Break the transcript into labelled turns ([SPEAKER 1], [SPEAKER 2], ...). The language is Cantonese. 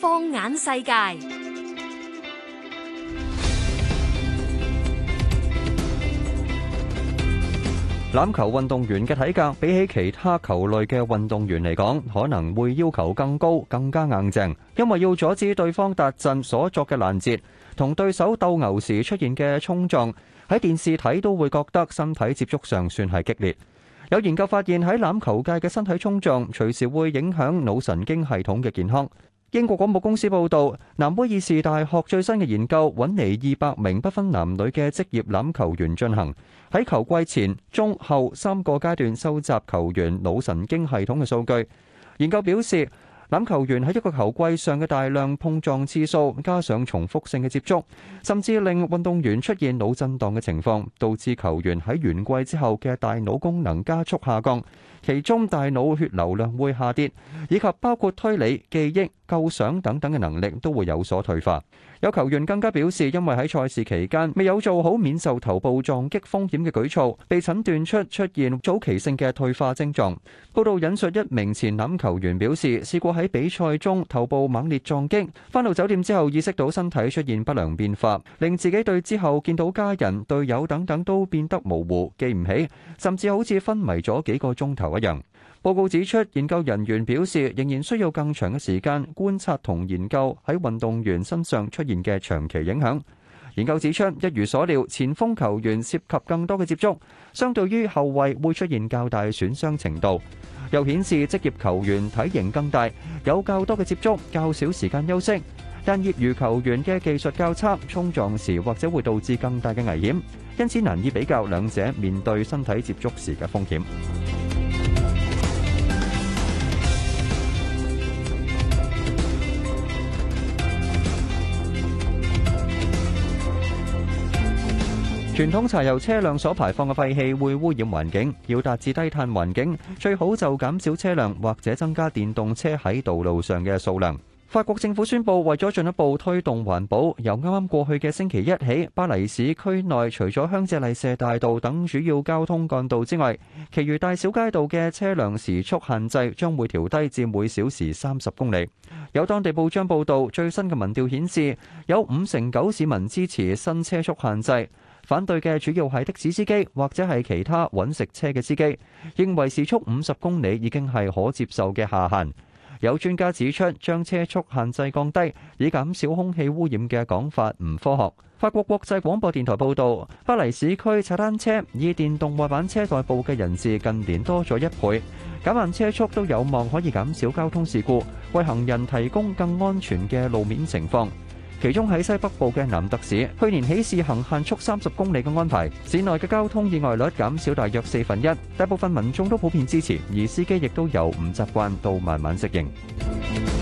[SPEAKER 1] 放眼世界，欖球運動員嘅體格比起其他球類嘅運動員嚟講，可能會要求更高，更加硬淨，因為要阻止對方達陣所作嘅攔截，同對手鬥牛時出現嘅衝撞，喺電視睇都會覺得身體接觸上算係激烈。有研究發現，喺欖球界嘅身體衝撞隨時會影響腦神經系統嘅健康。英國廣播公司報導，南威爾士大學最新嘅研究揾嚟二百名不分男女嘅職業欖球員進行，喺球季前、中、後三個階段收集球員腦神經系統嘅數據。研究表示，欖球員喺一個球季上嘅大量碰撞次數，加上重複性嘅接觸，甚至令運動員出現腦震盪嘅情況，導致球員喺完季之後嘅大腦功能加速下降，其中大腦血流量會下跌，以及包括推理、記憶，構想等等嘅能力都會有所退化。有球員更加表示，因為喺賽事期間未有做好免受頭部撞擊風險嘅舉措，被診斷出出現早期性嘅退化症狀。報道引述一名前欖球員表示，試過喺比賽中頭部猛烈撞擊，翻到酒店之後意識到身體出現不良變化，令自己對之後見到家人、隊友等等都變得模糊、記唔起，甚至好似昏迷咗幾個鐘頭一樣。報告指出，研究人員表示仍然需要更長嘅時間。觀察同研究喺運動員身上出現嘅長期影響，研究指出一如所料，前鋒球員涉及更多嘅接觸，相對於後衛會出現較大損傷程度。又顯示職業球員體型更大，有較多嘅接觸，較少時間休息。但業餘球員嘅技術較差，衝撞時或者會導致更大嘅危險，因此難以比較兩者面對身體接觸時嘅風險。傳統柴油車輛所排放嘅廢氣會污染環境，要達至低碳環境，最好就減少車輛或者增加電動車喺道路上嘅數量。法國政府宣布，為咗進一步推動環保，由啱啱過去嘅星期一起，巴黎市區內除咗香榭麗舍大道等主要交通幹道之外，其餘大小街道嘅車輛時速限制將會調低至每小時三十公里。有當地報章報導，最新嘅民調顯示，有五成九市民支持新車速限制。反對嘅主要係的士司機或者係其他揾食車嘅司機，認為時速五十公里已經係可接受嘅下限。有專家指出，將車速限制降低以減少空氣污染嘅講法唔科學。法國國際廣播電台報道，巴黎市區踩單車以電動滑板車代步嘅人士近年多咗一倍，減慢車速都有望可以減少交通事故，為行人提供更安全嘅路面情況。其中喺西北部嘅南特市，去年起試行限速三十公里嘅安排，市內嘅交通意外率減少大約四分一，大部分民眾都普遍支持，而司機亦都由唔習慣到慢慢適應。